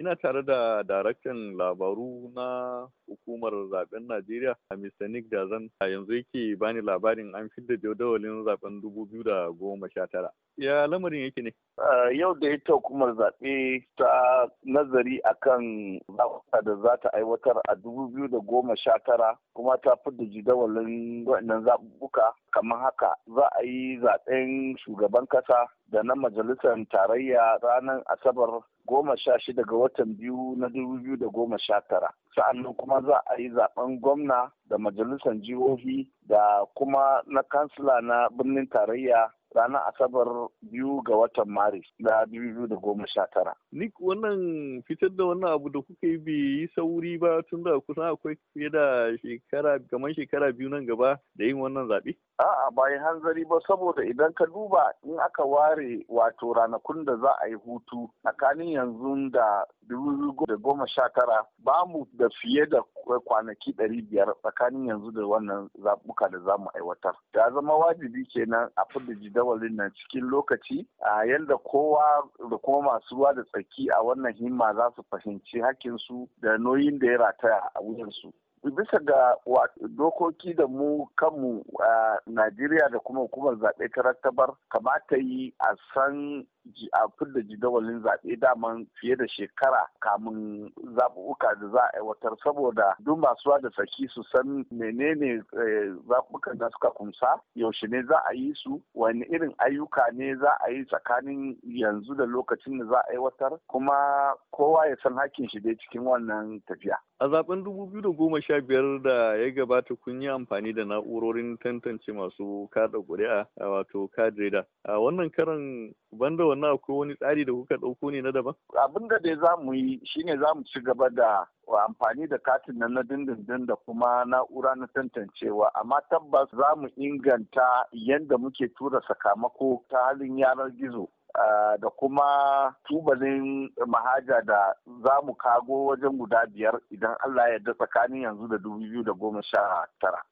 ina tare da daraktan labaru na hukumar zaben najeriya mr nick dazan a yanzu yake bani labarin an fidda jadawalin zaben dubu ya lamarin yake ne yau da ita hukumar zaɓe ta nazari akan zaɓuka da za ta aiwatar a dubu biyu kuma ta fidda jadawalin waɗannan zaɓuɓɓuka kamar haka za a yi zaɓen shugaban ƙasa da na majalisar tarayya ranar asabar goma sha shida ga watan biyu na dubu biyu da goma sha tara sa'annan kuma za a yi zaben gwamna da majalisar jihohi da kuma na kansila na birnin tarayya ranar asabar biyu ga watan maris na biyu da goma sha tara. Ni wannan fitar da wannan abu da kuka yi bai yi sauri ba tun da kusan akwai fiye da shekara kamar shekara biyu nan gaba da yin wannan zaɓe? A'a bayan hanzari ba saboda idan ka duba in aka ware wato ranakun da za a yi hutu tsakanin yanzu da dubu goma sha tara ba mu da fiye da akwai kwanaki ɗari biyar tsakanin yanzu da wannan zaɓuka da za mu aiwatar. da zama wajibi kenan a fidda jidawalin nan cikin lokaci a yanda kowa da kuma masu ruwa da tsaki a wannan himma za su fahimci su da noyin da ya rataya a wuyansu. bisa ga dokoki da mu kanmu a Najeriya da kuma hukumar zaɓe ta rattabar kamata yi a san a fidda jidawalin zaɓe daman fiye da shekara kamun zaɓuɓɓuka da za a aiwatar saboda duk masu da tsaki su san menene eh, zaɓuɓɓukan da suka kumsa yaushe ne za a yi su wani irin ayyuka ne za a yi tsakanin yanzu da lokacin da za a aiwatar kuma kowa ya san hakkin shi dai cikin wannan tafiya. A zaben 2015 da ya gabata kun yi amfani da na'urorin tantance masu kada ƙuri'a wato kadreda. A wannan karan banda wannan akwai wani tsari da kuka ɗauko ne na daban? Abin da dai za mu yi shi ne za mu ci gaba da amfani da katin nan na dindindin da kuma na'ura na tantancewa amma tabbas za mu inganta yadda muke tura sakamako ta halin yanar gizo da kuma tubalin mahaja da za mu kago wajen guda biyar idan Allah ya yarda tsakanin yanzu da dubu biyu da goma sha tara.